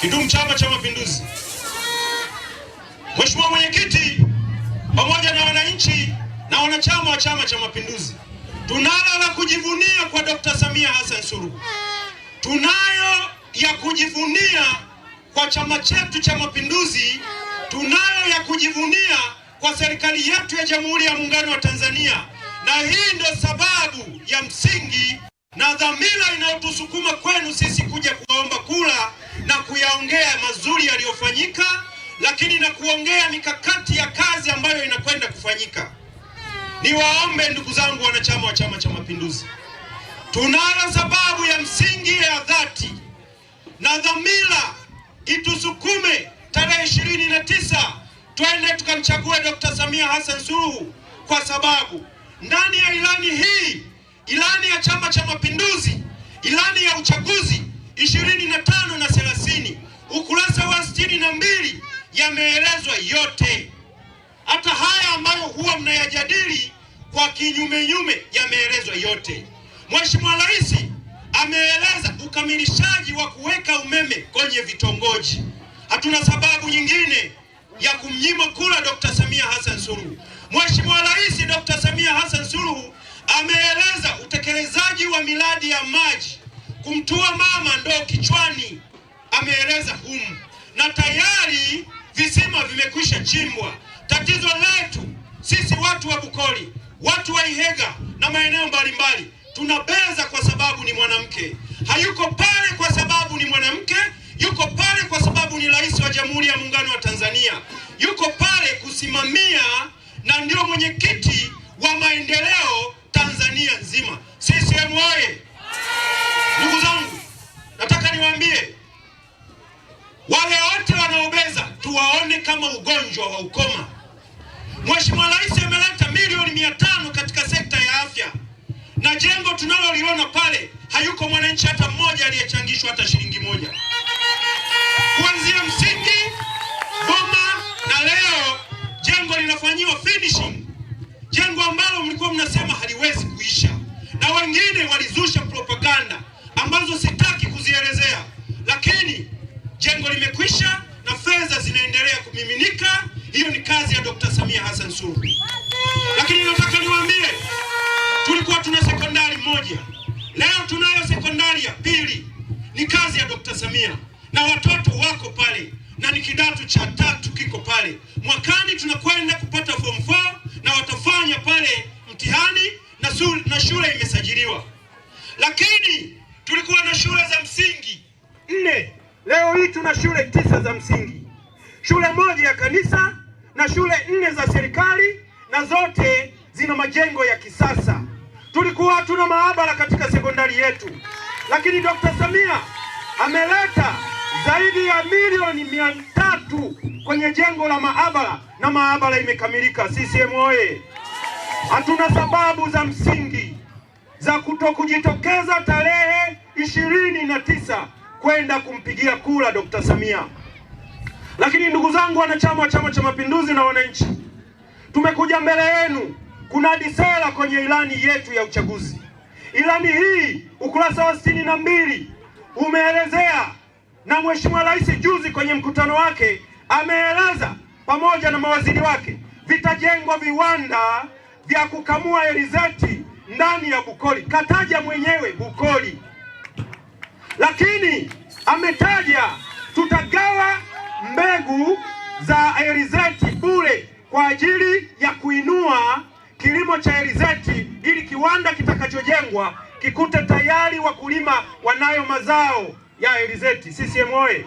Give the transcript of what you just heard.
kidumu Chama cha Mapinduzi. Mheshimiwa Mwenyekiti, pamoja na wananchi na wanachama wa Chama cha Mapinduzi, tunalo la kujivunia kwa Dr. Samia Hassan Suluhu, tunayo ya kujivunia kwa chama chetu cha Mapinduzi, tunayo ya kujivunia kwa serikali yetu ya Jamhuri ya Muungano wa Tanzania, na hii ndio sababu ya msingi na dhamira inayotusukuma kwenu sisi kuja kuwaomba kula na kuyaongea mazuri yaliyofanyika, lakini na kuongea mikakati ya kazi ambayo inakwenda kufanyika. Niwaombe ndugu zangu wanachama wa Chama cha Mapinduzi, tunayo sababu ya msingi ya dhati na dhamira itusukume tarehe ishirini na tisa twende tukamchague Dr. Samia Hassan Suluhu, kwa sababu ndani ya ilani hii, ilani ya Chama cha Mapinduzi, ilani ya uchaguzi ishirini na tano na ukurasa wa sitini na mbili yameelezwa yote, hata haya ambayo huwa mnayajadili kwa kinyumenyume yameelezwa yote. Mheshimiwa Rais ameeleza ukamilishaji wa kuweka umeme kwenye vitongoji. Hatuna sababu nyingine ya kumnyima kura Dr. Samia Hassan Suluhu. Mheshimiwa Rais Dr. Samia Hassan Suluhu ameeleza utekelezaji wa miradi ya maji kumtua mama magumu, na tayari visima vimekwisha chimbwa. Tatizo letu sisi watu wa Bukoli, watu wa Ihega na maeneo mbalimbali, tunabeza kwa sababu ni mwanamke. Hayuko pale kwa sababu ni mwanamke, yuko pale kwa sababu ni rais wa Jamhuri ya Muungano wa Tanzania, yuko pale kusimamia na ndio mwenyekiti wa maendeleo Tanzania nzima. CCM oye! Wale wote wanaobeza tuwaone kama ugonjwa wa ukoma. Mheshimiwa Rais ameleta milioni mia tano katika sekta ya afya, na jengo tunaloliona pale hayuko mwananchi hata mmoja aliyechangishwa hata shilingi moja, kuanzia msingi, boma, na leo jengo linafanyiwa finishing, jengo ambalo mlikuwa mnasema haliwezi kuisha, na wengine walizusha Jengo limekwisha na fedha zinaendelea kumiminika. Hiyo ni kazi ya Dr. Samia Hassan Suluhu. Lakini nataka niwaambie, tulikuwa tuna sekondari moja, leo tunayo sekondari ya pili. Ni kazi ya Dr. Samia na watoto wako pale na ni kidato cha tatu kiko pale. Mwakani tunakwenda kupata form 4 na watafanya pale mtihani na, na shule imesajiliwa, lakini tulikuwa na shule za msingi nne Leo hii tuna shule tisa za msingi, shule moja ya kanisa na shule nne za serikali, na zote zina majengo ya kisasa. Tulikuwa hatuna maabara katika sekondari yetu, lakini Dr. Samia ameleta zaidi ya milioni mia tatu kwenye jengo la maabara na maabara imekamilika. CCM oye! Hatuna sababu za msingi za kutokujitokeza tarehe ishirini na tisa kwenda kumpigia kura Dr. Samia. Lakini ndugu zangu wanachama wa Chama cha Mapinduzi na wananchi, tumekuja mbele yenu kunadi sera kwenye ilani yetu ya uchaguzi. Ilani hii ukurasa wa sitini na mbili umeelezea na Mheshimiwa Rais juzi kwenye mkutano wake ameeleza pamoja na mawaziri wake, vitajengwa viwanda vya kukamua elizeti ndani ya Bukoli, kataja mwenyewe Bukoli, lakini ametaja tutagawa mbegu za alizeti bure kwa ajili ya kuinua kilimo cha alizeti ili kiwanda kitakachojengwa kikute tayari wakulima wanayo mazao ya alizeti. CCM oye!